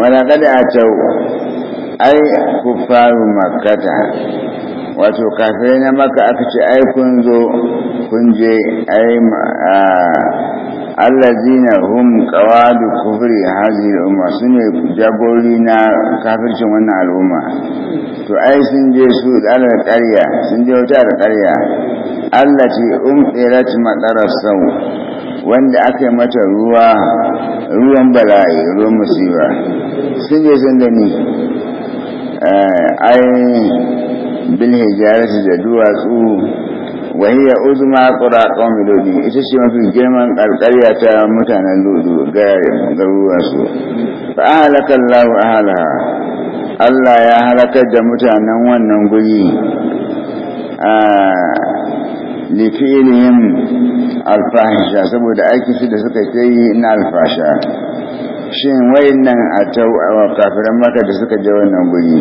ولقد أتوا أي كفار مكة wato kafirai na maka aka ce ai kun zo kun je ai allazina hum qawadu kufri hadhihi umma sune jagori na kafircin wannan al'umma to ai sun je su dalar ƙarya sun je wata da ƙarya allati um irat sau wanda aka yi mata ruwa ruwan bala'i ruwan musiba sun je sun gani eh, ai bil hijarati da duwatsu wa hiya uzma quraqan lodi ita ce mafi girman karkarya ta mutanen lodu ga garuruwan su fa ahlaka Allah ahlaha Allah ya halakar da mutanen wannan guri lifi'ilihim alfahisha saboda aikin su da suka ke yi na alfasha shin wayannan a tau a kafiran maka da suka je wannan guri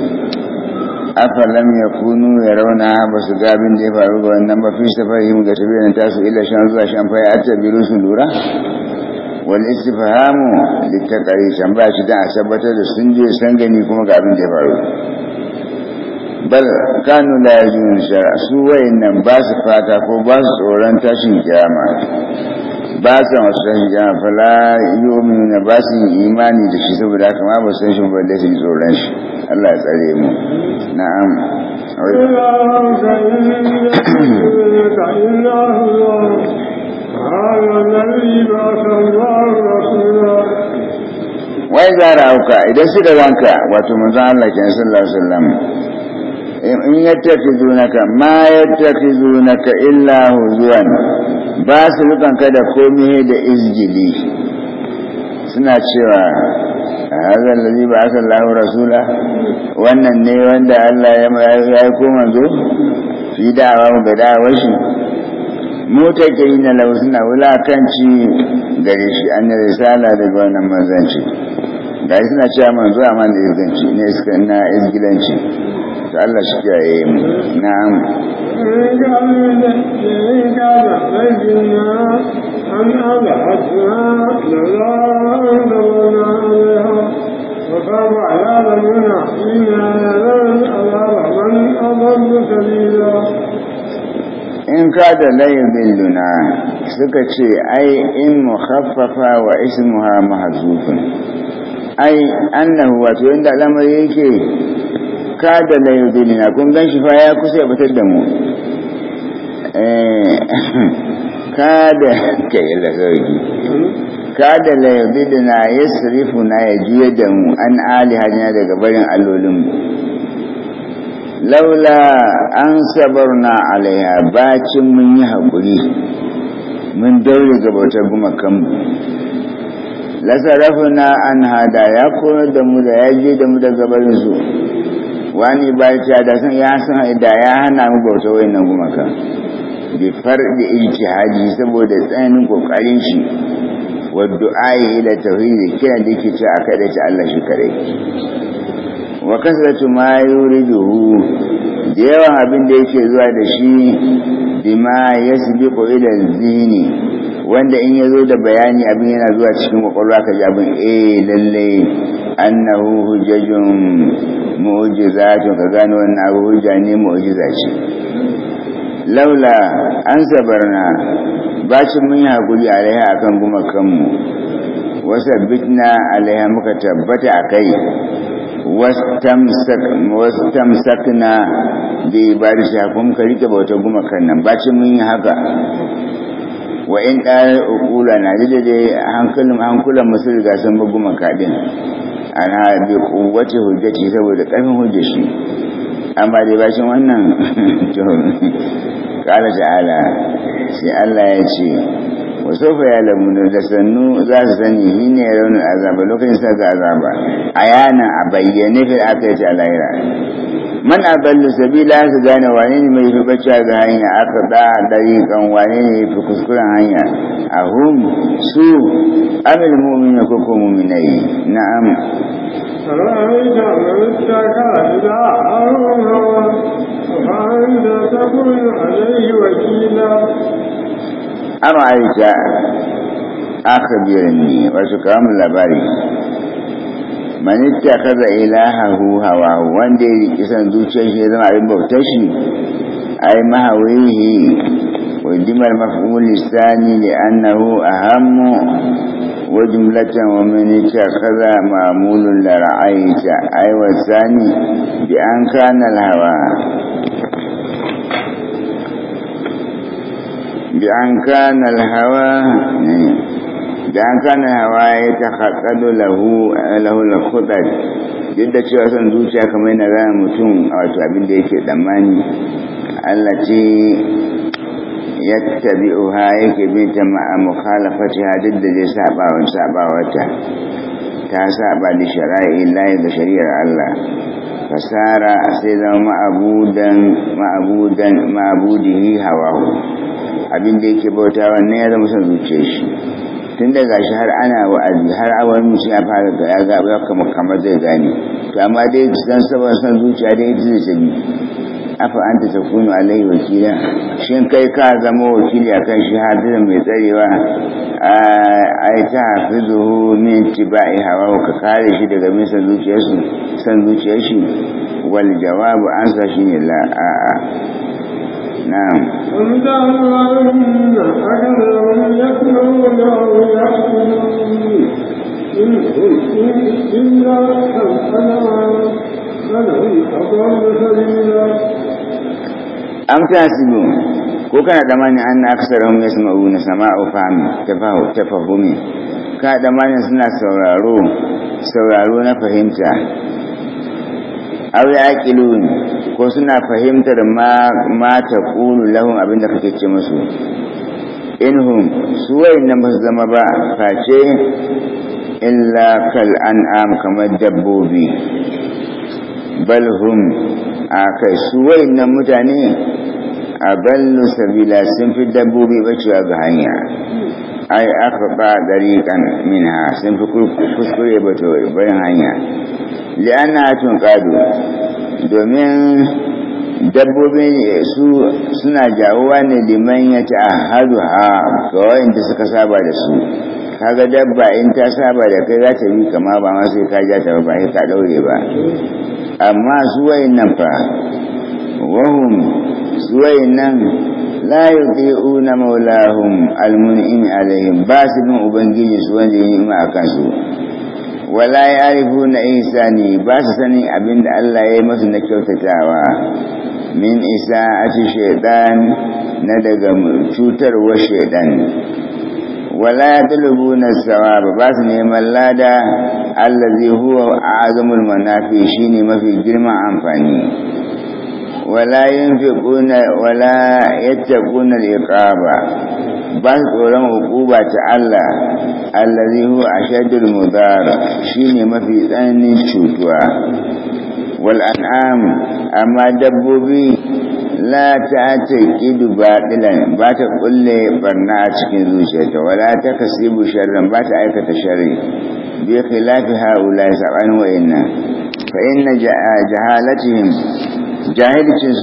afalam ya kunu ya rauna ba su ga abin da ya faru ga wannan ba fi safarihim ga tafiyar tasu ila shan zuwa shan fa ya tabiru su lura wal istifhamu litaqari tambaya shi dan a tabbatar da sun je san gani kuma ga abin da ya faru bal kanu la yajun shara su wayannan ba su fata ko ba su tsoron tashin kiyama ba sa masu san shi jama'a fala yomi na ba su yin imani da shi saboda haka ma ba san shi ba da shi tsoron shi Allah ya tsare mu na'am wai zara uka idan su da ranka wato mun manzon Allah kenan sallallahu alaihi wasallam In yattakhizunaka ma yattakhizunaka illa huzuwan ba su rukan ka da komai da izgili suna cewa hazan lalzi ba aka rasula wannan ne wanda Allah ya yi ko manzo fi da'awa mu ga shi mota ke suna wulakanci gare shi an risala daga wannan manzanci gayi suna cewa man a man da izinci ne suka na izgilanci to Allah shi ya yi na أن in ka da layin billuna suka ce ai in mu mukhaffafa wa ismuha mahzufun ai annahu wato yadda al'amari yake da la na kun gan shi fa ya kusa ya fitar da mu eh, kada ka da sauki kada na yudilina na ya juya da mu an ali hanya daga barin allolin mu laula an sabarna alaiha bacin mun yi haƙuri mun daure gabatar gumakan mu lasarafna an hada ya koyar da mu da ya je da mu daga barin su wani ba ya da san ya san da ya hana mu bauta wayannan gumaka bi farɗi ijtihadi saboda tsanin kokarin shi wa du'a'i ila tauhid kira da yake kaɗai da dace Allah shi kare wa kasratu ma yuriduhu da yawan abin da yake zuwa da shi bima yasbiqu ila zini wanda in ya zo da bayani abin yana zuwa cikin kwakwalwa ka ji abin eh lalle annahu hujjajun mu'jizatun ka gano wannan abu hujja ne mu'jiza ce laula an sabarna bacin mun yi hakuri alaiha akan kuma kanmu wasa bitna alaiha muka tabbata a kai wastamsakna bi ibadati kuma ka rike bauta kan nan bacin mun yi haka wa in ƙarar ukula na duk da hankulan hankulan musu riga sun buguma kaɗin ana bi kowace hujjaci saboda ƙarfin hujjaci amma dai bashin wannan ƙala ta'ala sai Allah ya ce wasu sofa ya da sannu za su sani yi ne raunin azaba lokacin sa ga azaba a yana a bayyane fi aka yi ta lahira من أبل سبيل أنت دان وانين ما يفقش هذا هين أقضاء دارين وانين يفقش كل هين أهم سوء أم المؤمن كوكو مؤمني نعم أرى عائشة أخبرني وشكرا من الأبارين manitta kaza ilahahu hawa wanda ya riƙi san zuciyar shi zama abin bautar shi a yi mahawihi wajimar mafi'ul lisani da annahu a hannu wajen latin wa manitta kaza ma'amulun da ra'ayita a yi wasani da an kanar bi an kana al dan kana waye ta haƙaɗu lahu lahul khudar duk da cewa san zuciya kamar yana zama mutum a wato abin da yake damani. Allah ce ya yake bin ta ma'a mukhalafati ha da zai saba wata ta saba da shari'a layi da shari'ar Allah fasara sai zama ma'budan ma'budan ma'abudihi hawahu abin da yake bauta wannan ya zama son zuciyar shi tun da gashi har ana wa'azi har awar mutum ya fara ga ya gaba kama kamar zai gane to amma dai san saboda san zuciya dai ita zai tabi afa anta a alaihi wakila shin kai ka zama wakili akan shi hadirin mai tsarewa A yi ta hafizuhu min tibai hawa ka kare shi daga min san shi san wal jawabu ansa shi ne la'a نعم أم تحسبون ko kana tsammanin an na aksarahum yasma'una sama'u fahmi tafahu tafahumi ka tsammanin suna sauraro sauraro na fahimta aw ko suna fahimtar ma ma ta lahun abinda kake ce musu inhum su wayannan ba su zama ba face illa kal an'am kamar dabbobi bal hum a kai su wayannan mutane a ballu sabila sun fi dabbobi bacewa ga hanya ai aka ba kan minha sun fi kuskure bacewa bayan hanya li'anna tun ƙado domin dabbobin su suna jawowa ne liman ya ta'ahadu ha ga wayanda suka saba da su kaga dabba in ta saba da kai za ta yi kama ba ma sai ka ja ba sai ka daure ba amma su wayannan fa wahum su wayannan la yuti'una maulahum almun'im alaihim ba su bin ubangiji su wanda yi ma akan su wala ya rufu na insani ba su sanin abin da Allah ya yi masu na kyautatawa min isa ci shaidan na daga cutarwa shaidan wala ya tulubu na sawa, ba su neman lada Allah zai huwa a azumin manafi ne mafi girman amfani wala yin fiƙuna wala yattaquna ba. ban tsoron hukuba ta Allah allazi a ashaddul mudara shine mafi tsananin cutuwa wal an'am amma dabbobi la ta ce ba batilan ba ta kulle barna a cikin zuciyarta wala ta kasibu sharran ba ta aikata sharri bi khilafi haula saban wa'inna fa inna jahalatihim jahilcin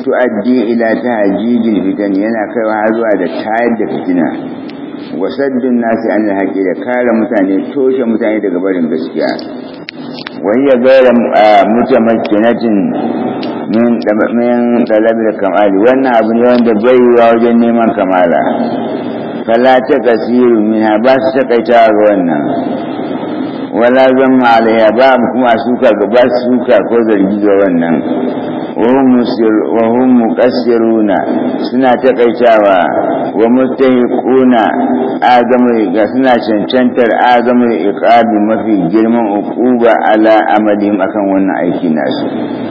su addi ila tahjijil fitan yana kaiwa wa zuwa da tayar da fitina wa nasi an haƙi da kare mutane toshe mutane daga barin gaskiya wahiyar gaira mutamakkinatin min ɗalabar kamali wannan abu ne wanda bai yiwa wajen neman kamala fala ta kasiru mina ba su takaita ga wannan wala zamma alayya ba kuma suka ga ba suka ko zargi ga wannan wahum muqassiruna suna takaitawa wa mustahiquna azamul ga suna cancantar azamul iqabi mafi girman uquba ala amalihim akan wannan aiki nasu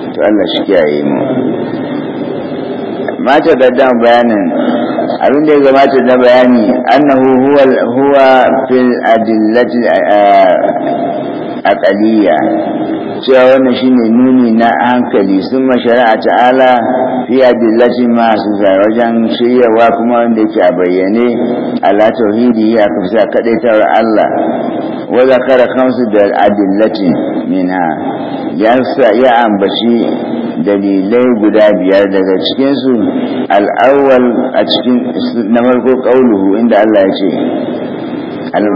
to Allah shi kiyaye mu mata da bayanin abin da ya gabata na bayani annahu huwa huwa fil adillati aqaliya cewa wannan shine nuni na hankali sun shari'a ta'ala fiya adillati ma su wajen shiryawa kuma wanda yake a bayyane ala tauhidi ya kafsa kadaitawar Allah wa zakara kamsu da adillati mina ya ya ambaci dalilai guda biyar daga cikinsu al'awwal a cikin na farko ƙauluhu inda Allah ya ce anan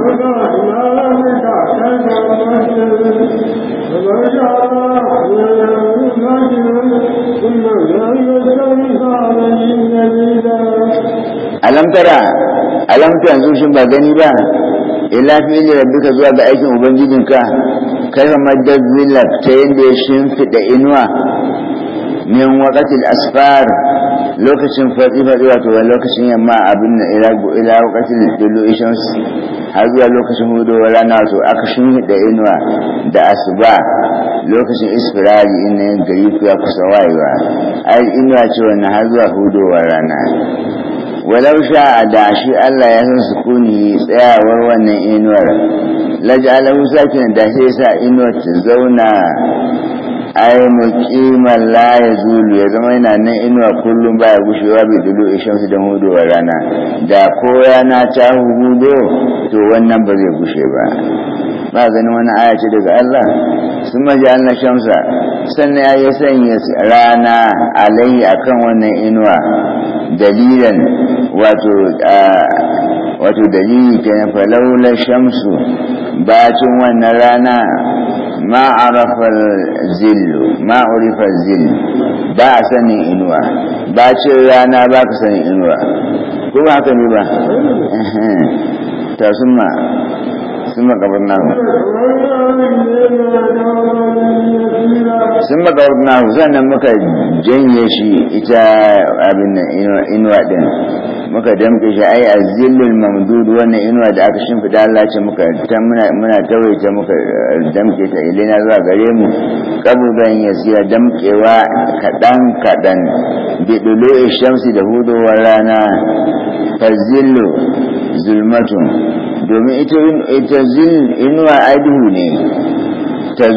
alam yanzu shin ba gani ba ila fi ne rabbika zuwa ga aikin ubangijinka kai ma dazilak ta yanda ya shimfiɗa inuwa min waqatil asfar lokacin fatsi-fatsi wato wani lokacin yamma abin na ila lokacin da dillo ishan har zuwa lokacin hudowar rana wato aka shin da inuwa da asuba lokacin isfirari in yin gari ya kusa wayewa ai inuwa ce wannan har zuwa hudowar rana walau sha da shi Allah ya san su kuni tsayawar wannan inuwar laj'alahu sakinan da sai sa inuwar ta zauna ai muqiman la zulu ya zama yana nan inuwa kullum baya gushewa bai ishan su da wa rana da ko rana ta hudo to wannan ba zai gushe ba ba ganin wani aya ce daga Allah sun maji Allah shamsa sannan ya yi sanya rana alayhi akan wannan inuwa dalilan wato wato dalili na falaula shamsu bacin wannan rana ma a arafar zillu ma urifar zillu ba a sanin inuwa bacin rana ba ka sanin inuwa ko ba haka ne ba ta suna. Simha nan sun makarut na sannan muka janye shi ita abin inuwa din muka damke shi ai a zillul mamdud wannan inuwa da aka fida Allah ce muka ta muna tawaita muka eh, damke ta ilina zuwa gare mu ban yasira damkewa kadan kadan bi dulu shamsi da hudowar rana fazillu zulmatun domin ita inuwa ne ta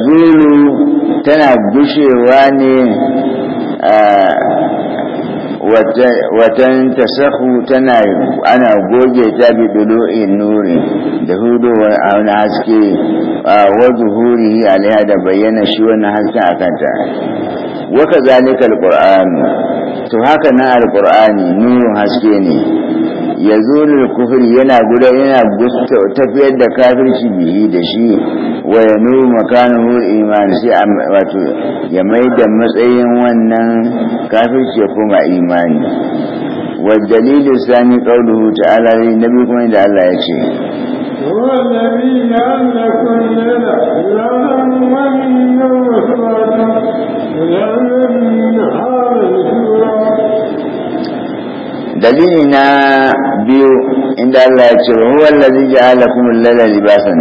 tana gushewa ne watan tasahu tana ana goge ta bi in nuri da wa wani haske wa zuhuri alaiha da bayyana shi wannan haske a kanta waka zalika alqur'an to haka na alqur'ani nuru haske ne ya da kufur yana guda yana tafiyar da kafirci bihi da shi wa ya nuru makanuhu imani sai wato ya mai da matsayin wannan kafirci ya koma imani wa dalilu sani qauluhu ta'ala ne nabi kuma da Allah ya ce هو الذي أنكم من dalili na biyu inda Allah ya ce huwa allazi ja'ala al-laila libasan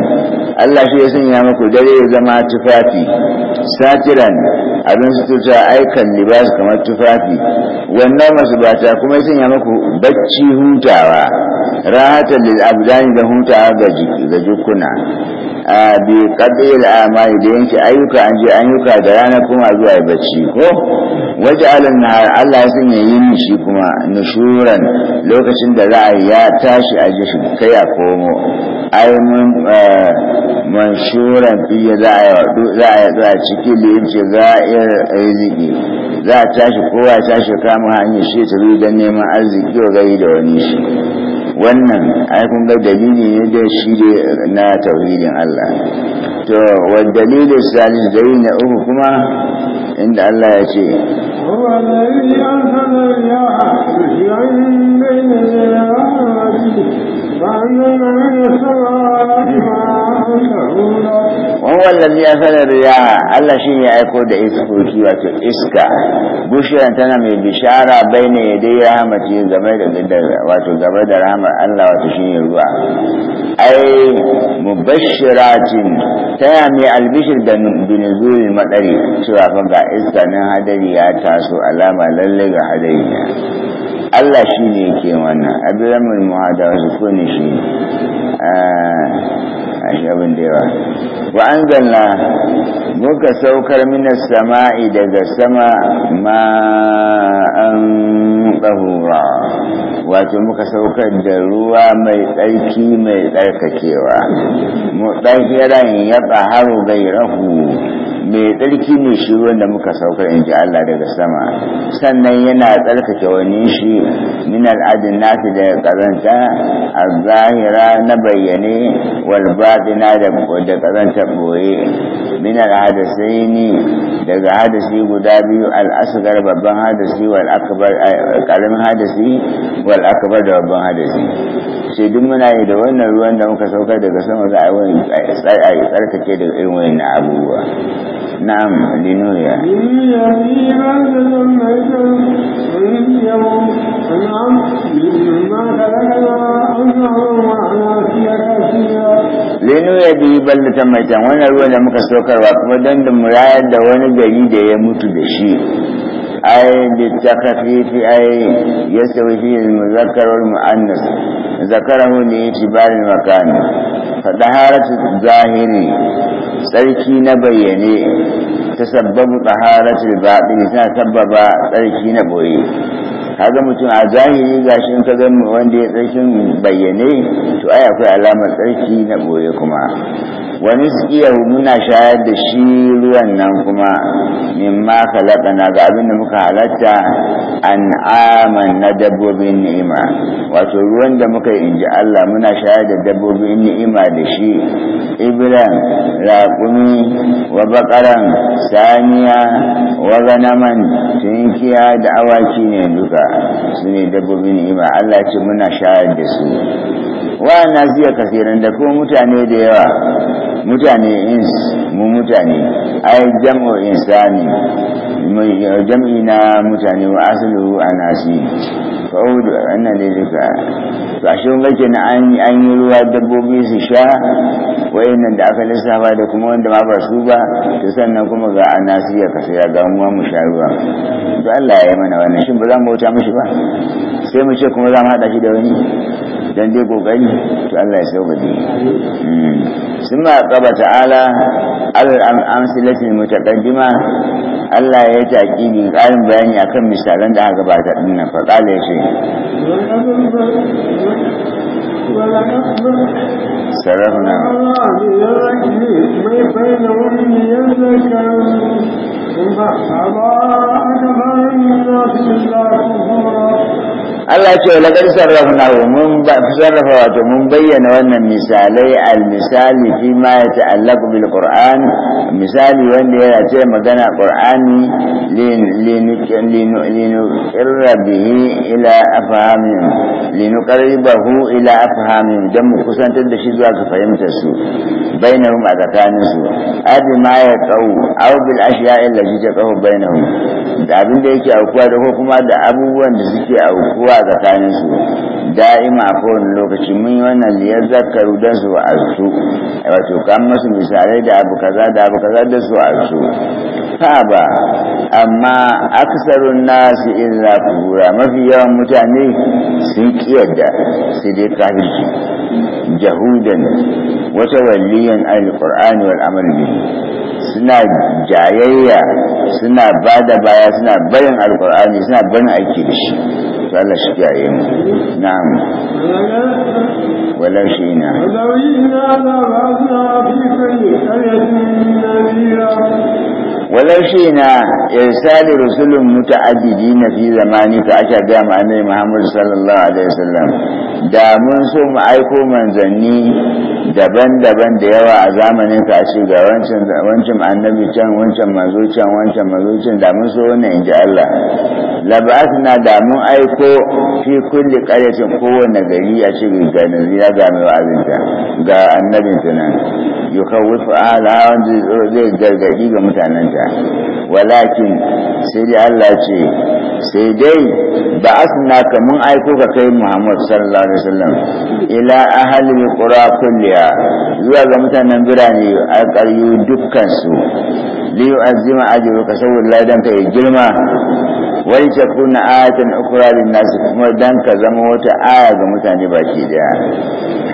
Allah shi ya sanya muku dare ya zama tufafi satiran abin su tuta aikan libas kamar tufafi wannan masu bata kuma ya sanya muku bacci hutawa rahatan da abdani da huta ga jiki da jukuna a bi qabil amali da yanke ayyuka an je ayyuka da rana kuma zuwa bacci ko waje alan nahar Allah ya sanya yin shi kuma nushuran lokacin da za a ya tashi a ji shi kai a komo ai mun eh, manshuran fiye za a za a za ciki da ce za a riziki za a tashi kowa tashi kama hanyar shi ta zo don neman arziki wa gari da wani shi wannan ai kun ga dalili ne da shi ne na tauhidin Allah to wa dalilin salis dai na uku kuma inda Allah ya ce فأما من استطاع أن تعود huwa sanar da ya Allah shi ya aiko da iskoki wato iska bushiran tana mai bishara baina yadai rahmati game da gidan wato game da rahmar Allah wato shi ne ruwa ai mubashiratin tana mai albishir da binuzuri madari cewa fa ga iska nan hadari ya taso alama lalle ga hadari Allah shi ne yake wannan abdulhamid muhadara su ne shi ah, a shi abin da yawa anzalna muka saukar minas sama'i daga sama ma'an tahura wato muka saukar da ruwa mai tsarki mai tsarkakewa mu ɗarkiran ya tsaharu bai rahu mai tsarki ne shi wanda muka saukar in ji Allah daga sama sannan yana tsarkake wani shi min al'adun nasu da ƙazanta a zahira na bayyane wal da ƙazanta ɓoye min al'adasai ne daga hadasi guda biyu al'asgar babban hadasi wal akbar eh, karamin hadasi wal akbar da babban hadasi sai duk muna yi da wannan ruwan da muka saukar daga sama za a wani tsarkake daga irin wani na abubuwa na'am linuya linuya bi ballata mai can wannan ruwan da muka saukarwa kuma don da murayar da wani gari da ya mutu da shi Ai Bittaka fifi ai yasa wani filin muzakarwar mu'anansu muzakarar hulun niyya ta bayan makami faɗa haratu sarki na bayyane tasabbabu sabbin ɗa haratu baɗi ne suna tabbaba sarki na ɓoye. kaga mutum a zahiri gashi in ka ga wanda ya tsarkin bayyane to ai akwai alamar tsarki na boye kuma wani tsiyahu muna shayar da shi ruwan nan kuma mimma na ga abin da muka halatta an aman na dabbobin ni'ima wato ruwan da muka yi inji Allah muna shayar da dabbobin ni'ima da shi ibiran raƙumi wa baƙaran saniya wa ganaman tunkiya da awaki ne duka su ne dabbobin ni'ima Allah ce muna shayar da su wa ziya kasiran da kuma mutane da yawa mutane ins mu mutane ai jam'u insani jam'i na mutane wa asalu anasi fa'udu annan lilika to ashe kun gake na an yi ruwa dabbobi su sha wayannan da aka lissafa da kuma wanda ma ba su ba to sannan kuma ga anasiya ya ga mu mu sha ruwa to Allah ya yi mana wannan shin ba za mu wuta mishi ba sai mu ce kuma za mu haɗa shi da wani dan dai kokari to Allah ya sauka sauƙaƙe mm. sun ma kaba ta'ala alal amsilatin mutakaddima Allah ya taƙi ni ƙarin bayani akan misalan da aka gabata ɗin nan fa ƙala ya ce sarrafna فأبى Allah ce wa laƙar sarrafa mun sarrafa wato mun bayyana wannan misalai al-misali fi ma ya ta'allaqu bil Qur'an misali wanda yana ce magana Qur'ani linuqirra bihi ila afhamin linuqarribahu ila afhamin dan mu kusantar da shi zuwa ga fahimtar su bainahum a tsakanin su abi ma ya qau aw bil ashiya'i allati taqahu bainahum da abin da yake aukuwa da ko kuma da abubuwan da suke aukuwa a tsakanin su da'ima a kowane lokaci mun yi wannan liyar zakaru don su a su wato kan masu misalai da abu kaza da abu kaza da su a su ba amma aksarun nasu illa kura mafi yawan mutane sun kiyarda su dai kafirci jahudan wata waliyan alƙur'ani wal amal suna jayayya suna ba da baya suna barin alkur'ani suna barin aiki da shi فعلا شكي عين نعم ولا شيء نعم ولو ولو شئنا إرسال رسل متعددين في زمانك أشهد يا معنى محمد صلى الله عليه وسلم da mun so mu aiko manzanni daban-daban da yawa a zamanin ka ce ga wancan wancan annabi can wancan manzo can wancan manzo can da mun so in ji Allah labasna da mun aiko fi kulli qaryatin kowanne gari a ce ga nazira ga mai wa'azinta ga annabin nan yukawwifu ala zai gargadi ga ta. walakin sai dai Allah ce sai dai ba asna ka mun aiko ka kai Muhammad sallallahu alaihi wasallam ila ahalin kura kulliya zuwa ga mutanen birane a ƙaryu dukkansu. su liyu azima ajruka saboda ladan ka ya girma wani ta na ayatan ukura lin nasu kuma dan ka zama wata aya ga mutane baki daya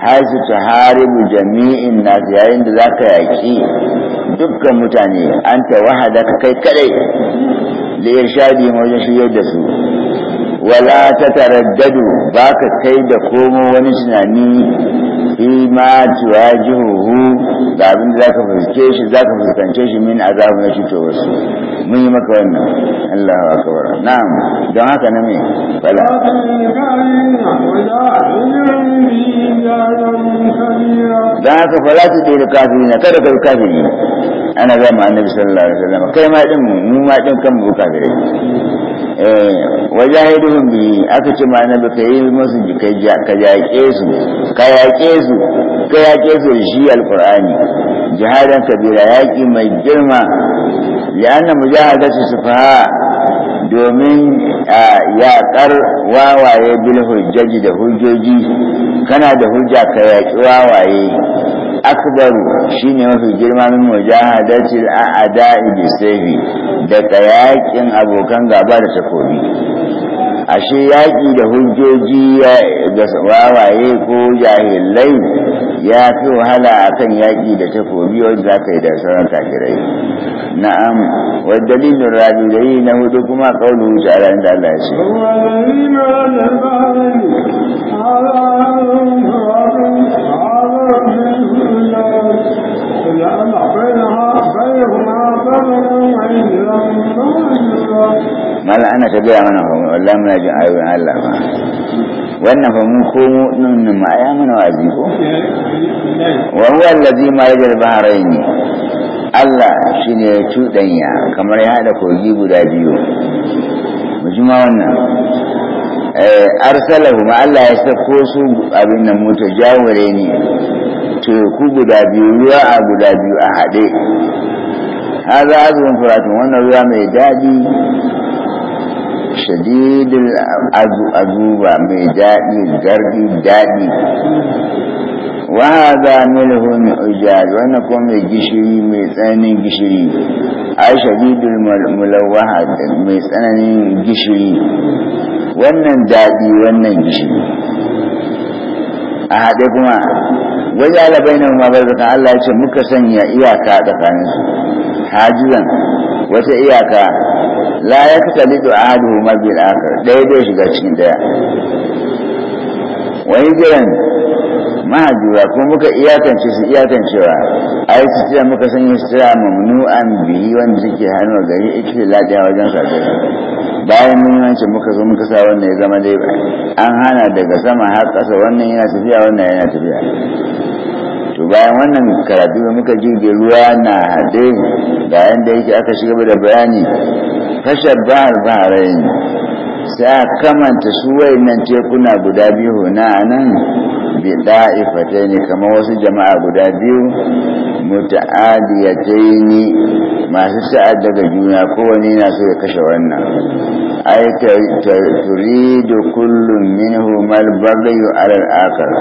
haisu ta haribu jami'in nasu yayin da za ka yaƙi dukkan mutane an ta wahada ka kai kadai da ya shaɗi wajen shigar da su wala ta taraddadu ba ka kai da komo wani tunani فيما تواجهه ga abin da ka fuske shi za ka fuskance shi min azabu na cutowarsu mun yi maka wannan Allahu akbar na'am don haka na me fala don haka fala su tsere kafin na kada ka kai kafiri ana ga ma annabi sallallahu alaihi wasallam kai ma din mu ma din kan mu ka gare eh wajahiduhum bi aka ce ma annabi kai musu kai ja ka ja su ka ya su ka ya su shi alqur'ani jihadan kabira yaƙi mai girma mujahada su sufaha domin yaƙar wawaye bil hujjaji da hujjoji kana da hujja ka yaƙi wawaye akbaru shine mafi girma min mujahadatil a'da'i bisayfi daga yakin abokan gaba da takobi ashe yaki da hujjoji ga wawaye ko jahilai ya fi wahala akan yaƙi da takobi wanda za ka yi da sauran kafirai na'am wa dalilin rabi na hudu kuma kaulu ta'ala inda Allah ya ce جعل mala ana ta gaya mana fa wallahi muna jin ayoyin Allah fa wannan fa mun ko mu din nan ma ya mana wazi ko wa huwa allazi marija al-bahrayn Allah shine ya tudanya kamar ya hada kogi guda biyu mu jima wannan Eh, arsalahu ma Allah ya sako su abin nan mota jawure ne teku guda biyu ruwa a guda biyu a haɗe haza azumin furatun wannan ruwa mai daɗi shadidul azuba mai daɗi gardi daɗi wa haza milhun ujad wannan kuma mai gishiri mai tsananin gishiri a shadidul mulawaha mai tsananin gishiri wannan daɗi wannan ji a haɗe kuma wani alabai na bar zaka Allah ya ce muka sanya iyaka tsakanin su hajizan wata iyaka la ya kasa lido a hadu mabil akar ɗaya bai shiga cikin ɗaya wani jiran mahajura kuma muka iyakance su iyakancewa a yi sutura muka sanya sutura mamnu'an biyi wanda suke hannu gari ita ladiya wajen sadar bayan muhimmancin muka zo muka sa wannan ya zama dai an hana daga sama har kasa wannan yana tafiya wannan yana tafiya to bayan wannan karatu da muka jirge ruwa na haɗe ga yadda yake aka shiga da bayani fashar bahar baharai sai a kamanta su nan tekuna guda biyu na nan bida'ifataini kamar wasu jama'a guda biyu muta'adiyataini masu sa'ad daga juna kowanne na so ya kashe wannan ai ta turidu kullum minhu mal bagayu alal akar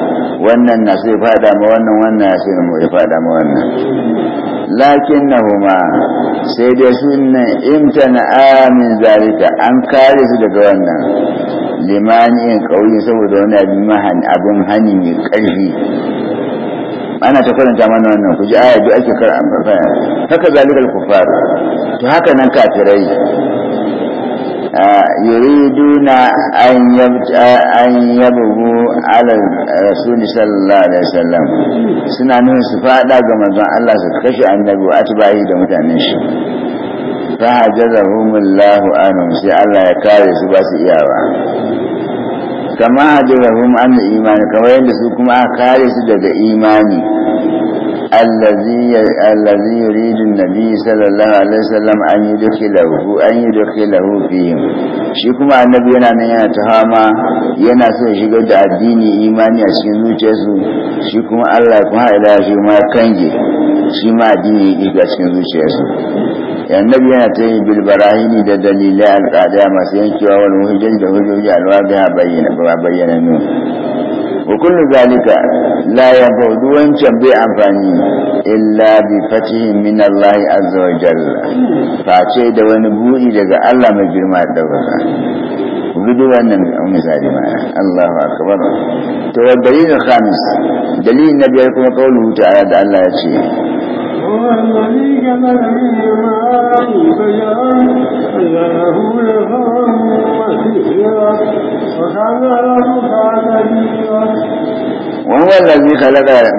wannan na so ya fada ma wannan wannan ya so ya fada ma wannan lakin na huma sai dai sunan imtana amin zalika an kare su daga wannan limani in kauyi saboda wani abin hani ƙarfi ana ta karanta mana wannan ku ji aya bi ake kar an faya haka zalikal kufar to haka nan kafirai yuriduna an yabta an yabu ala rasuli sallallahu alaihi wasallam suna nuna su fada ga manzon Allah su kashe annabi a tabahi da mutanen shi fa hajarahumullahu anhum sai Allah ya kare su ba su iyawa kama hajjahum an imani kamar yadda su kuma a kare su daga imani الذي الذي يريد النبي صلى الله عليه وسلم أن يدخله أن يدخله فيهم شكما النبي yana nan yana tahama yana son shigar da addini imani a cikin zuciyarsu shi kuma Allah kuma ila shi ma kange shi ma addini ya shiga cikin zuciyarsu annabi yana ta yi bilbarahini da dalilai alƙada masu yankewa wani hujjoji da hujjoji alwaga bayyana bayyana nuna wa kullu zalika la yabudu wancan bai amfani illa bi fatihin min Allah azza wa jalla face da wani buɗi daga Allah mai girma da baka gudu wannan misali mana Allahu akbar to dalilin khamis dalilin na biyar kuma kaulu ta'ala da Allah ya ce وهو الذي جمل من الماء فجعل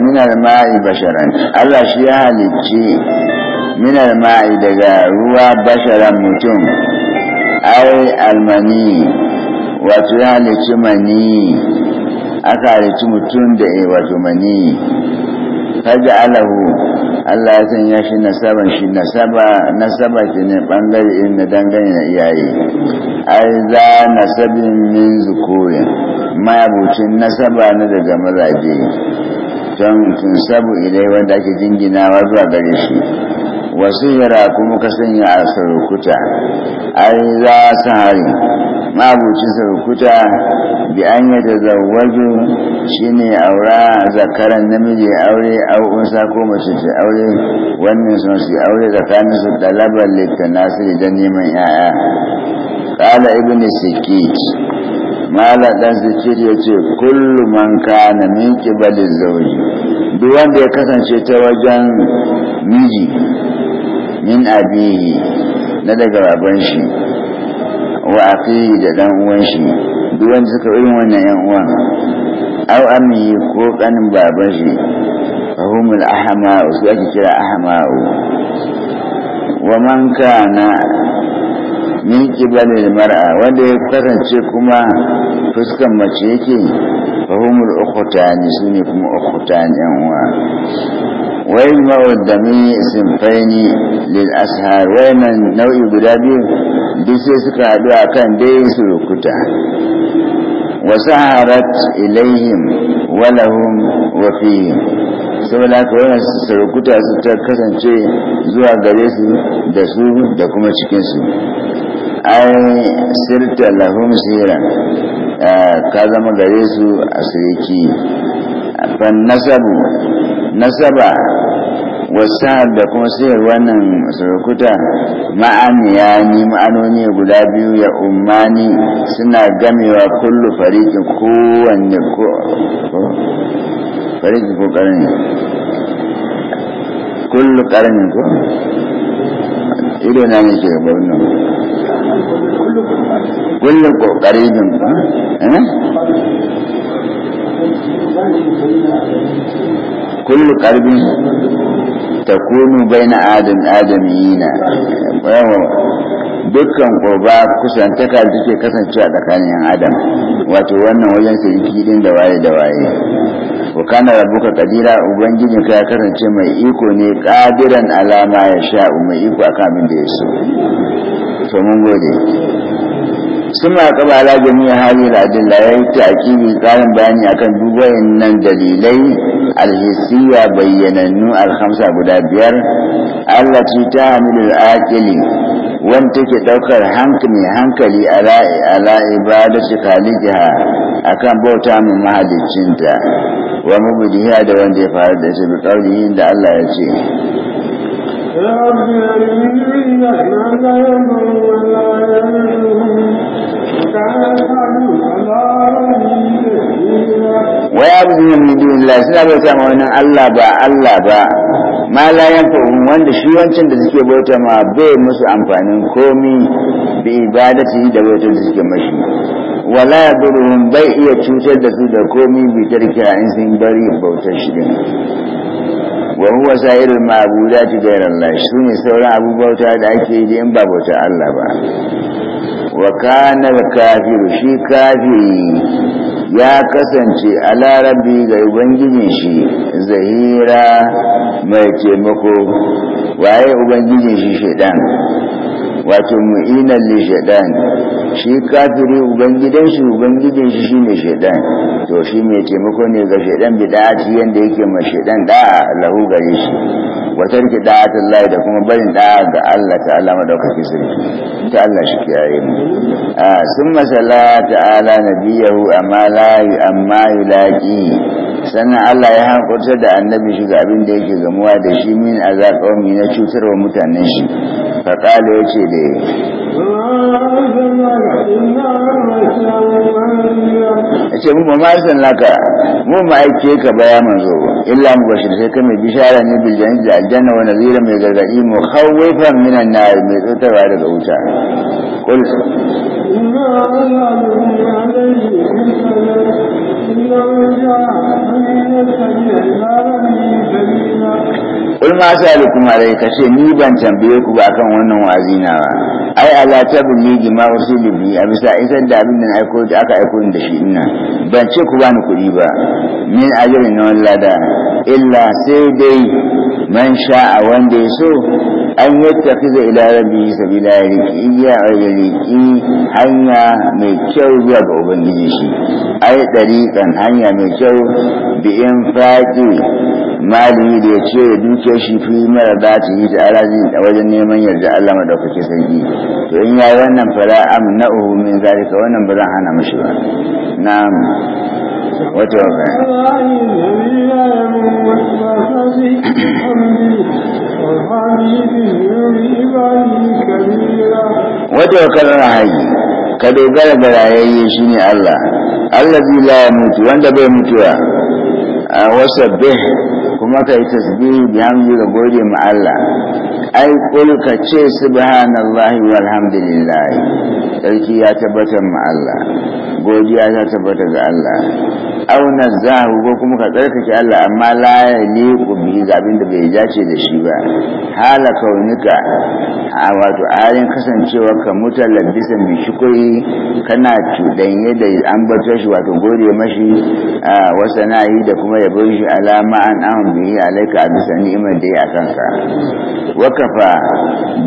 minar ma'i basharan Allah shi ya halicci minar ma'i daga ruwa basharan mutum ai almani wato ya halicci mani aka halicci mutum da wato mani faja'alahu Allah ya sanya shi nasaban shi nasaba nasaba shi ne bangare irin na dangane na iyaye ai za nasabin min zukurin mayabucin nasaba na daga mazaje don tun sabu ilai wanda ake jinginawa zuwa gare shi wasira kuma ka sanya a sarukuta ai za su hari mabuci sarukuta bi an yi da zawaju shi ne aura zakaran namiji aure au unsa ko mace ce aure wannan sun su aure tsakanin su dalabar litta Nasiru don neman 'ya'ya kala ابن سكيت mala dan zikir yace ce kullu man kana min qibalin zawji duk wanda ya kasance ta wajen miji min abihi na daga baban shi wa aqihi da dan uwan shi duk wanda suka yi wannan yan uwan aw ammi ko kanin baban shi fahumul ahama su ake kira ahama'u wa man kana min kibalil mar'a wanda ya kasance kuma fuskan mace yake fahimul ukhutani sune kuma ukhutani yan uwa wai ma'udami sinfaini lil ashar nan nau'i guda biyu duk sai suka haɗu akan dai su rukuta Wa saharat wa lahum wa fihim saboda haka wannan rukuta su ta kasance zuwa gare su da su da kuma cikinsu Ai sirta lahum siran ka zama gare su a sirki ban nasabu nasaba wasahar da kuma sayar wannan surukuta ma'aniya ni ma'anoni guda biyu ya ummani suna gamewa kullu fariki kowanne ko fariki ko karni kullu karni ko ido na ne ke gaba nan kullum ƙoƙarin ba كل قلب تكون adam adamina آدميين dukkan kurba kusantaka da take kasance a tsakanin adam wato wannan wajen sai kidin da waye da waye kana rabuka kadira ubangiji ka ya karance mai iko ne kadiran alama ya sha mai iko akan da ya so to mun gode suna kaba ala jami'a hari al-adilla yayi ta'kidi karin bayani akan dubayen nan dalilai alhisiya bayyanannu alhamsa guda biyar allati ta hamilul aqili wanda take ɗaukar hankali hankali ala ala ibadati akan bauta mu mahaliccinta wa mubdiha da wanda ya faru da shi bi da Allah ya ce يا رب العالمين إنك لا تنظر ولا waya ya min dun Allah suna bauta ma wannan Allah ba Allah ba ma la wanda shi wancin da suke bauta ma bai musu amfanin komi bi ibadati da bautar da suke mashi wala yadurhum bai iya cutar da su da komi bi tarkiya in sun bari bautar shi din wa huwa sa'irul ma'budati ghayra Allah ne sauran abubuwa da ake yi in ba bautar Allah ba wa kafiru shi kafiri ya kasance a larabi ga ubangijin shi zahira mai taimako waye ubangijin shi shaidan wato mu'inan li shaidan shi kafiri ubangidan shi ubangidan shi shine shaidan to shi mai taimako ne ga shaidan da'ati yanda yake ma shaidan da'a lahu gare shi wa tarki da'at Allah da kuma barin da'a ga Allah ta'ala madaukaki sirri ta Allah shi kiyaye mu a summa salatu ta'ala nabiyahu amma la amma yulaqi sannan Allah ya hankurta da annabi shi ga abin da yake gamuwa da shi min azaqawmi na cutarwa mutanen shi فقال يشيدي ce mu ba san laka mu ma aike ka baya manzo zo illa mu bashir sai kai mai bishara ne bil janna aljanna wa nazira mai gargadi mu khawifan minan nar mai tsotarwa daga wuta inna kul ma sa'alukum alayhi kashe ni ban tambaye ku ba kan wannan wa'azi na ba ai ala ji ma ursilu bi a bisa isar da abin da aiko da aka aiko da shi ina ban ce ku bani kuɗi ba min ajrin na wallada illa sai dai man sha a wanda ya so an da ila rabbi sabila ya riki iya hanya mai kyau zuwa ga ubangiji shi ai kan hanya mai kyau bi in faɗi mali da ya ce duke gare shi fi mara da ta yi ta'ala a wajen neman yarda Allah madaukake sarki to in yayi wannan fara amna'uhu min zalika wannan ba zan hana mishi ba na'am wata waka wata ka dogara ga rayayye shine Allah Allah la ya mutu wanda bai mutuwa a wasa bih kuma ka yi tasbihi bihamdi da gode ma Allah ai kul ka ce subhanallahi walhamdulillah sarki ya tabbatar ma Allah godiya ta tabbata ga Allah auna za ku ko kuma ka tsarkake Allah amma la ne ku bi ga abin da bai dace da shi ba hala kaunika a wato ayin kasancewa ka muta labisa mai shukuri kana cuɗanye da ambatar shi wato gode mashi a yi da kuma ya bar shi alama an an bihi alaika a bisa ni'imar da ya a kanka wakafa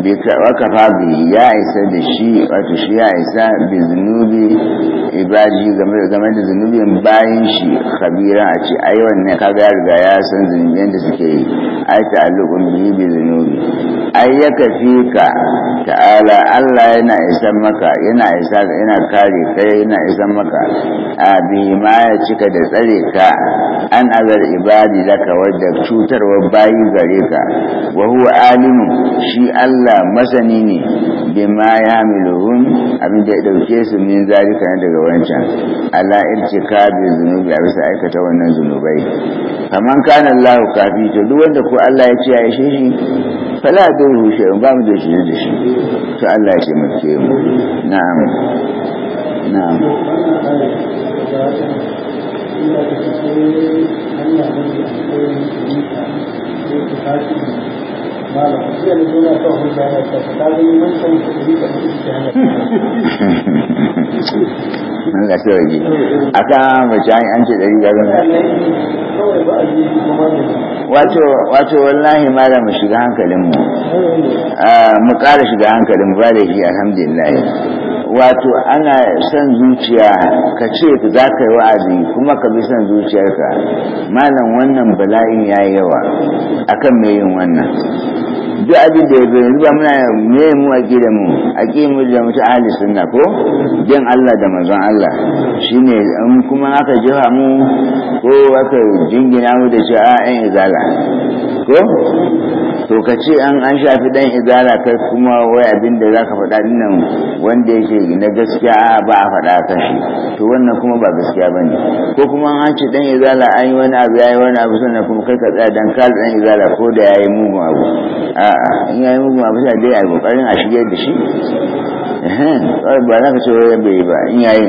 bi ya isa da shi wato shi ya isa bi zunubi ibadihi game da zunubin bayan shi kabira a ce ai wannan kaga ga riga ya san zunubin da suke yi ai ta'alluqun bihi bi zunubi ai ya ka ta'ala Allah yana isan maka yana isa yana kare kai yana isan maka a bi ma ya cika da tsare ka an azar ibadi laka wadda cutarwar bayi gare ka wa huwa alimu shi Allah masani ne bima ya miluhun abin da ya dauke su min zalika daga wani wancan k'a bi zunubi a bisa aikata wannan zunubai kaman kana Allah kafi to duk wanda ko Allah ya ce ya shi fala duru shi ba mu da shi da shi to Allah ya ce mu ke mu na'am na'am Allah Allah ta rage a kan mace an ce ɗari ga zama wato wato wallahi malam mu shiga hankalinmu ah, mu ƙara shiga hankalinmu ba da shi alhamdulillah wato ana son zuciya ka ce za ka yi wa'azi kuma ka bi son zuciyarka malam wannan bala'in ya yi yawa akan mai yin wannan duk abin da ya zo yanzu ba muna ne mu a da mu ake mu da mutu ahli sunna ko jan Allah da manzon Allah shine in kuma aka jira mu ko aka jingina mu da shi a ɗan izala ko to ka ce an an shafi ɗan izala kai kuma wai abin da zaka faɗa dinnan wanda yake na gaskiya ba a faɗa kan shi to wannan kuma ba gaskiya bane ko kuma an ce ɗan izala an yi wani abu yayi wani abu sannan kuma kai ka tsaya dan kal ɗan izala ko da yayi mugun abu a in yayi mugun abu sai dai a kokarin a shigar da shi ba za ka ce wai bai ba in yayi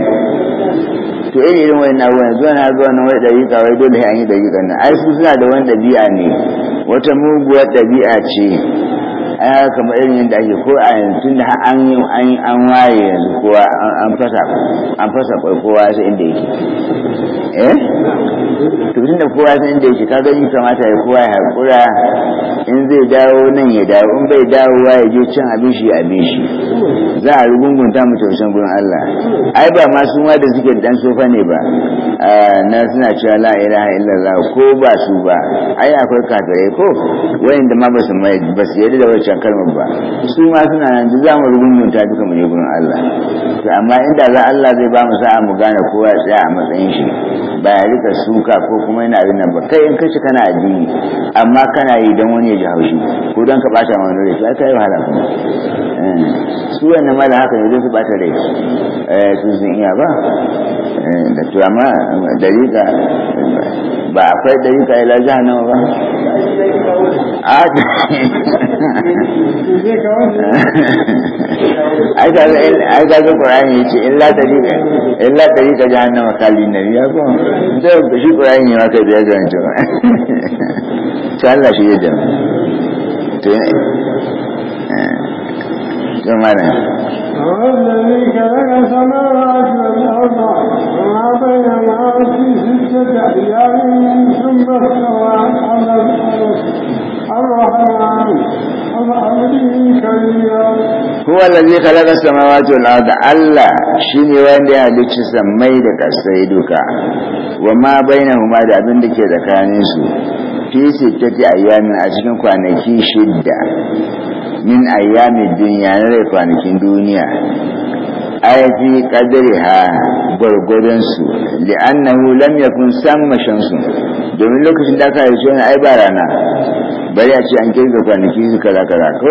to irin irin wani abu yanzu na zuwa nan wani ɗabi'a wai dole an yi ɗabi'a nan ai su suna da wani ɗabi'a ne wata muguwar ɗabi'a ce ai kamar irin yadda ake ko a yanzu da an yi an waye yanzu kowa an fasa an fasa kowa sai inda yake eh to tunda kowa san da shi kaga in kamata ya kowa ya hakura in zai dawo nan ya dawo in bai dawo ya je cin abin shi abin shi za a rugungunta mu tausan gurin Allah ai ba ma su ma da suke dan sofa ne ba ah, na suna cewa la ilaha illallah ko ba su ba ai akwai kafirai ko wayanda ma ba su mai ba su yarda da wancan kalmar ba su ma suna nan za mu rugungunta duka mu je gurin Allah to amma inda za Allah zai ba mu sa'a mu gane kowa tsaya a matsayin shi ba ya rika suka ko kuma yana abin nan ba kai in kace kana addini amma kana yi dan wani ya ji haushi ko dan ka bata wani rai sai kai wahala kuma eh, su wannan ma da haka ne su bata rai eh su sun iya ba eh, da to amma ka eh, ba akwai dariƙa ila jahannama ba a ah, ai ga ai ga Qur'ani yace illa dariƙa illa dariƙa jahannama kalin nabi ko 슈퍼라인이 와서 대전 좀 잘나시겠죠. 네. 좀 말해. والذي خلق السماوات والأرض وما بينهما في ستة أيام ثم استوى على huwa allazi khalaqa samawati wal arda Allah shine wanda ya halicci sammai da kasai duka wa ma bainahuma da abin da ke tsakanin su fi sittati ayyamin a cikin kwanaki shida. min ayyamin duniya na rai kwanakin duniya ayafi kadriha gwargwadon su li'annahu lam yakun samma shamsu domin lokacin da aka yi shi wani ai ba rana bari a ce an kirga kwanaki su kaza kaza ko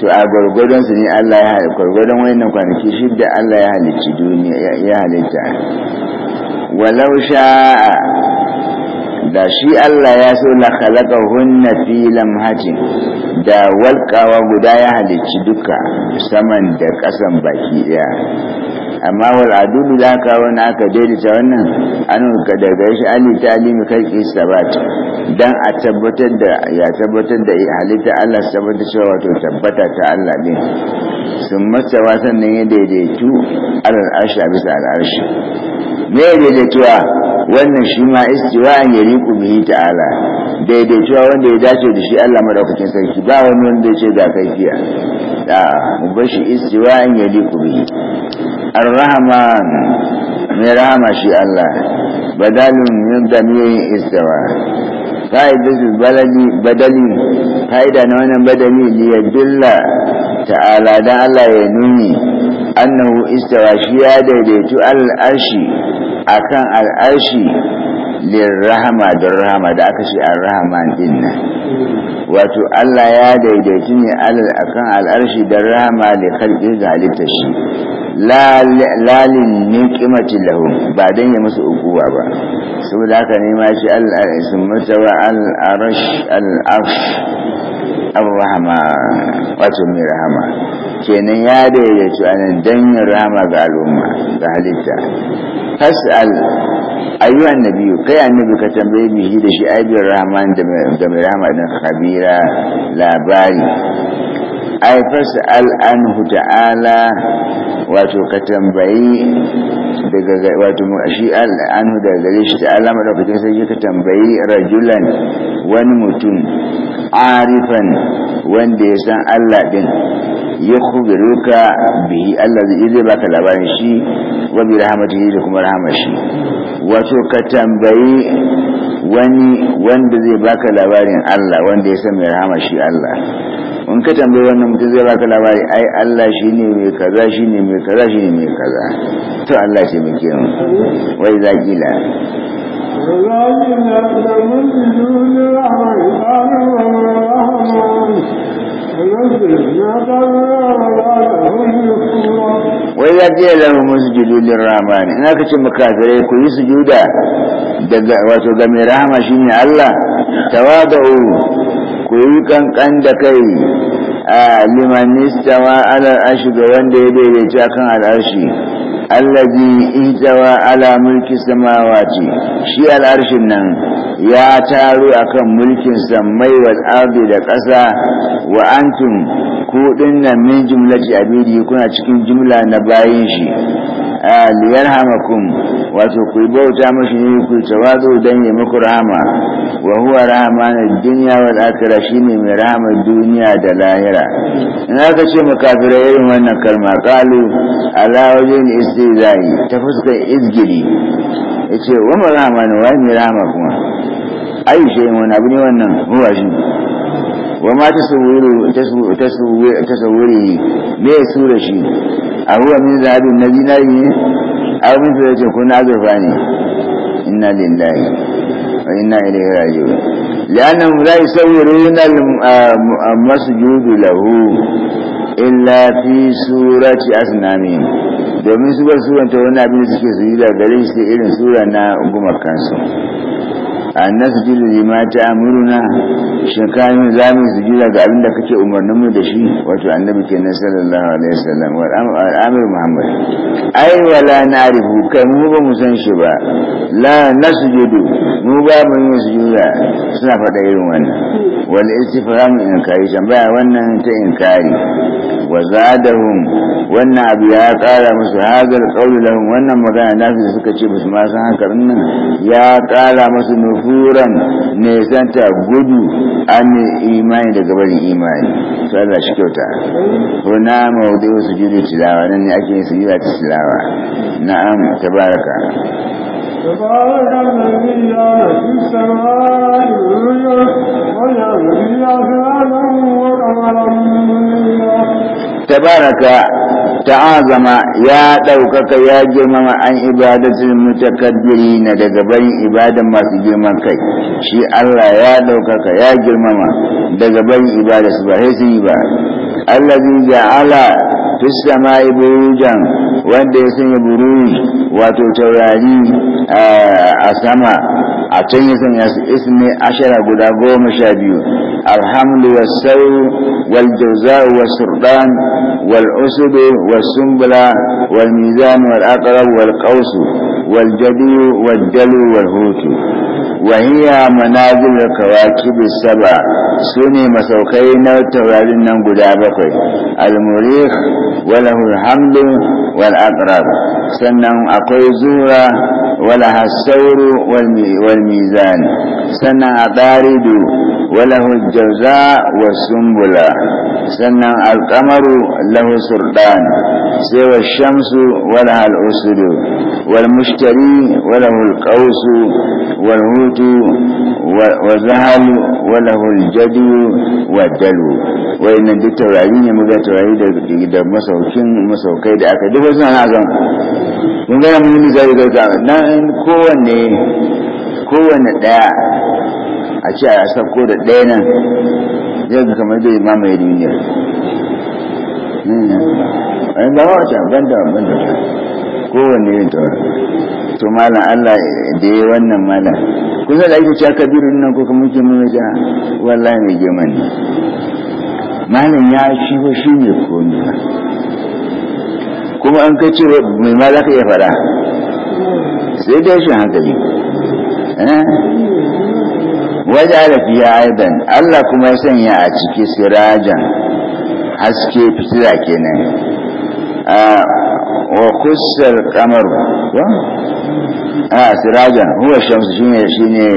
to a gwargwadon su ne Allah ya halitta gwargwadon wayannan kwanaki shi da Allah ya halitta duniya ya halitta walau sha da shi Allah ya so la khalaqa hunna fi lamhatin da walkawa guda ya halicci duka saman da ƙasan baki ɗaya amma wal adulu za aka wani aka daidaita wannan an ka daga shi ali ta kai kalki sabat dan a tabbatar da ya tabbatar da halitta Allah saboda cewa wato tabbata ta Allah ne sun mace wasan nan ya daidaitu alal arshi bisa al'arshi me daidaituwa wannan shi ma istiwa istiwa'an ya riku bihi ta'ala daidaituwa wanda ya dace da shi Allah madaukakin sarki ba wani wanda ya ce ga kaifiya da mu bar shi istiwa'an ya riku bihi ar-rahman mai rahama shi Allah badalun min damiyin istiwa su baladi badali fa'ida na wannan badali li yadulla ta'ala dan Allah ya nuni annahu istawa shi ya daidaitu al-arshi akan al'arshi lirrahama don rahama da aka shi a rahama din wato Allah ya daidaitu ne alal akan al'arshi don rahama da khalqi ga halitta shi lalin niqimati lahu ba dan ya musu uguwa ba saboda haka ne ma shi Allah ismata wa al rahama wato mai rahama kenan ya daidaitu a nan don yin rahama ga al'umma ga halitta fas'al na biyu kai annabi ka tambaye bihi da shi aibiyar rahman da mai rahama ɗin kabira labari ai fas'al hu ta'ala wato ka tambayi daga wato shi hu daga gare shi ta'ala madaukakin yi ka tambayi rajulan wani mutum arifan wanda ya san Allah din ya ka bihi Allah zai baka labarin shi wa bi rahmatihi da kuma rahmar shi wato ka tambayi wani wanda zai baka labarin Allah wanda ya san mai rahama shi Allah in ka tambayi wannan mutum zai baka labari ai Allah shi ne mai kaza shi ne mai kaza shi ne mai kaza to Allah ce mai kiran wai za kila wai za kila lahu musjudu lirrahmani in aka ce makafirai ku yi sujuda daga wato ga mai rahama shine Allah tawadu ku yi kankan da kai liman istawa ala arshi ga wanda ya daidaici akan al'arshi allazi istawa ala mulki samawati shi al'arshin nan ya taru akan mulkin samai wal ardi da ƙasa wa antum ku dinnan min jumlati abidi kuna cikin jumla na bayin shi aliyar hamakun wato ku bauta mashi ne ku tawazu don yi muku rahama wa huwa rahama na duniya wa akira shi ne mai rahama duniya da lahira ina ka ce makafirai irin wannan kalma kalu ala wajen istizai ta fuska izgiri ya ce wa mu rahama ne wa mai rahama kuma ai shi wani abu ne wannan huwa shi wa ma tasawwuru tasawwuru tasawwuri me sura shi a huwa min zahabin na zinari a min sura ce ko na azurfa ne inna lillahi wa inna ilaihi raji'un لأنهم لا يصورون المسجود له إلا في سورة أسنامهم domin su ba suranta wani abin da suke su yi da gare shi irin sura na gumakansu an nasjudu lima ta'muruna shekaru za mu sujuda ga abin da kake umarnin mu da shi wato annabi kenan sallallahu alaihi wasallam wa amir muhammad ai wala na'rifu kai mu ba mu san shi ba la nasjidu mu ba mu yi sujuda suna faɗa irin wannan wal istifham kai tambaya wannan ta inkari wa zadahum wannan abu ya kara musu hagar qaulu wannan magana da suka ce musu ma san haka nan ya kara musu nufu ne nesanta gudu an imani daga barin imani su Allah shi kyauta huna mawudu su judu tilawa nan ne ake yi su juda tilawa na'am tabaraka تبارك الذي لا في السماء ta'azama ya ɗaukaka ya girmama an ibadatul mutakabbirina daga barin ibadan masu girman kai shi Allah ya ɗaukaka ya girmama daga barin ibada su ba sai su yi ba allazi ja'ala fis sama'i burujan wanda ya sanya buruj wato taurari a sama a can ya sanya su ismi ashara guda goma sha biyu alhamdu wasau wal jaza'u wasurdan والسنبل والميزان والأقرب والقوس والجدي والجلو والهوت وهي منازل الكواكب السبع سوني مسوكي نوتوال ننقل بقي المريخ وله الحمد والأقرب سنن أقوي زورا ولها السور والميزان سنة بارد وله الجوزاء والسنبلة سنة القمر له سردان سوى الشمس ولها الأسد والمشتري وله القوس والهوت وزهل وله الجدي والدلو وإن دي تورعين مدى تورعين دا مسوكين مسوكين دا أكا دي وزنا من غير من المزاري bayan kowane kowane daya a ce a sauko da daya nan zai ga kamar zai mamaye duniyar hmm. ba wata banda banda kowane yin tawar to malam Allah da ya wannan malam kun zai ake cewa kabirun nan ko kuma ke mun ja wallahi mai geman ne malam ya shi ko shi ne kuma an kace mai ma za ka iya fara sai dai shi hankali eh? waje da fiya aidan Allah kuma ya sanya a ciki sirajan haske fitila kenan wa wakusar kamar a sirajan huwa shamsu shi ne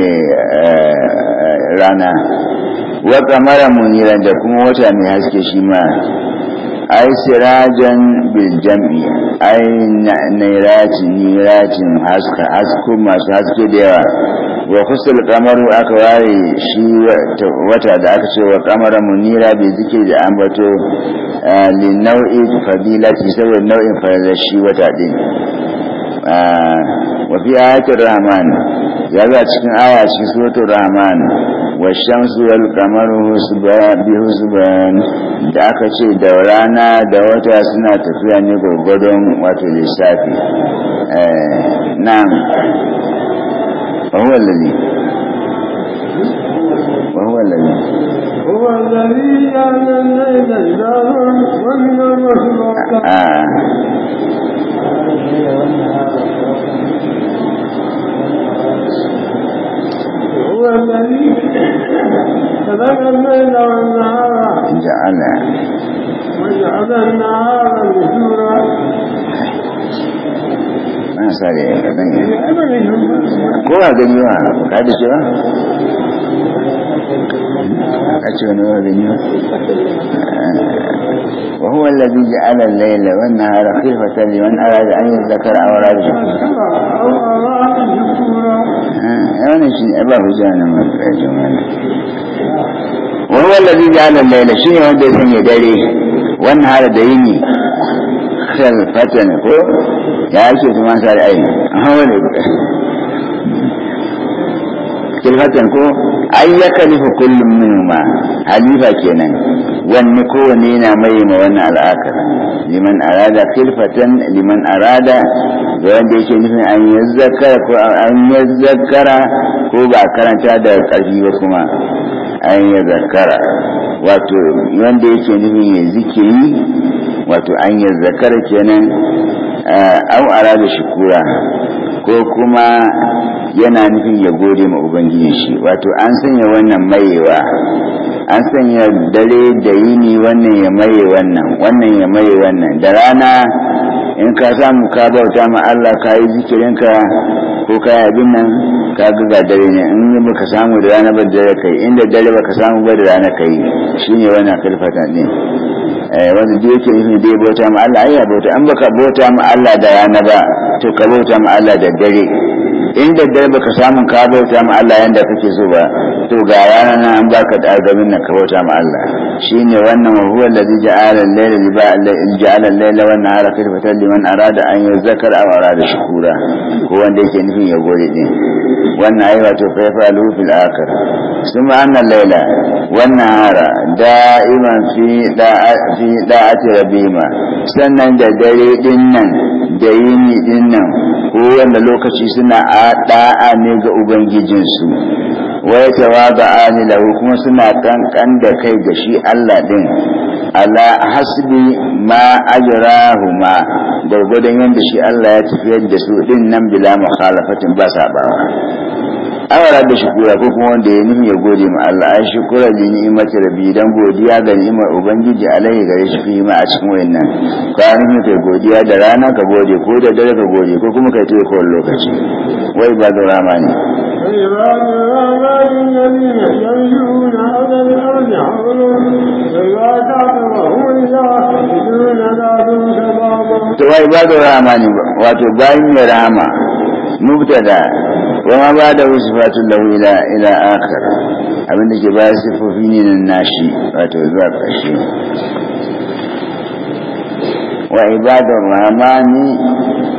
eh, rana wata mara muni da kuma wata mai haske shi ma ai sirajan bil jam'i ai ni niratin haska asku masu haske da yawa wa kusul kamaru aka ware shi wata da aka ce wa mu munira bai zike da ambato li nau'i fadilati saboda nau'in fadilar shi wata din wa fi ayatul rahman ya za cikin aya cikin suratul rahman wa shamsu wal qamaru bi husban da aka ce da rana da wata suna tafiya ne gwargwadon wato lissafi eh, na'am هو الذي خلق الليل والنهار وجعل النهار مهجورا ما سالي يا ابني قوى دنيوة قد شوى قد شوى وهو الذي جعل الليل والنهار خيفة لمن أراد أن يذكر أو أراد شوى الله wannan shi ba hujja nan masu wannan wani wallazi ja'ala laila shine wanda ya sanya dare wannan har da yini kal ko ya ake su ma sai ai amma wani kal fatan ko ai ya kalifa kullum min ma halifa kenan wanne kowanne yana mai ma wannan al'akara liman arada khilfatan liman arada ga wanda yake nufin an yi zakara ko an yi zakara ko ba karanta da ƙarfi ba kuma an yi zakara wato wanda yake nufin ya yi wato an yi zakara kenan eh, au arada shukura ko kuma yana nufin ya gode ma ubangiji shi wato an sanya wannan mayewa an sanya dare da yini wannan ya maye wannan wannan ya maye wannan da rana in ka samu ka bauta ma Allah ka yi zikirin ka ko ka yi abin nan ka ga dare ne in yi ka samu da rana ba dare kai inda dare ba ka samu ba da rana kai shine wannan kalfata ne eh, wanda duk yake yin dai bauta ma Allah ai bauta an baka bauta ma Allah da rana ba to ka bauta ma Allah da dare in da dai baka samu ka bauta ma Allah yanda kake so ba to ga yana nan an baka da azumin nan ka bauta ma Allah Shi ne wannan da wa huwa allazi ja'ala al-layla liba'a ja'ala al-layla wan nahara khilfatan liman arada an a aw da shukura ko wanda yake nufin ya gode din wannan ai wato fa yafalu fil akhir thumma anna al-layla wan nahara da'iman fi da'ati rabbima sannan da dare din nan da yini din nan ko wanda lokaci suna da'a ne ga ubangijinsu wa da tawada anilahu kuma suna kankan da kai da shi Allah din ala hasbi ma ajrahuma gurgudan yanda shi Allah ya tafiyar da su din nan bila mukhalafatin ba sabawa awara da shukura ko kuma wanda ya nufin ya gode ma Allah ai shukura bi ni'imati rabbi dan godiya ga ni'imar ubangiji alaihi ga shi fi ma a cikin wannan ka nufin kai godiya da rana ka gode ko da dare ka gode ko kuma kai tuye kowane lokaci wai ba da rama ne to wai ba da rama ne wato bayan ya rama mubtada wama ba da sifatun lahu ila ila akhir abin da ke ba sifofi ne nan nashi wato zuwa kashi wa ibadur rahmani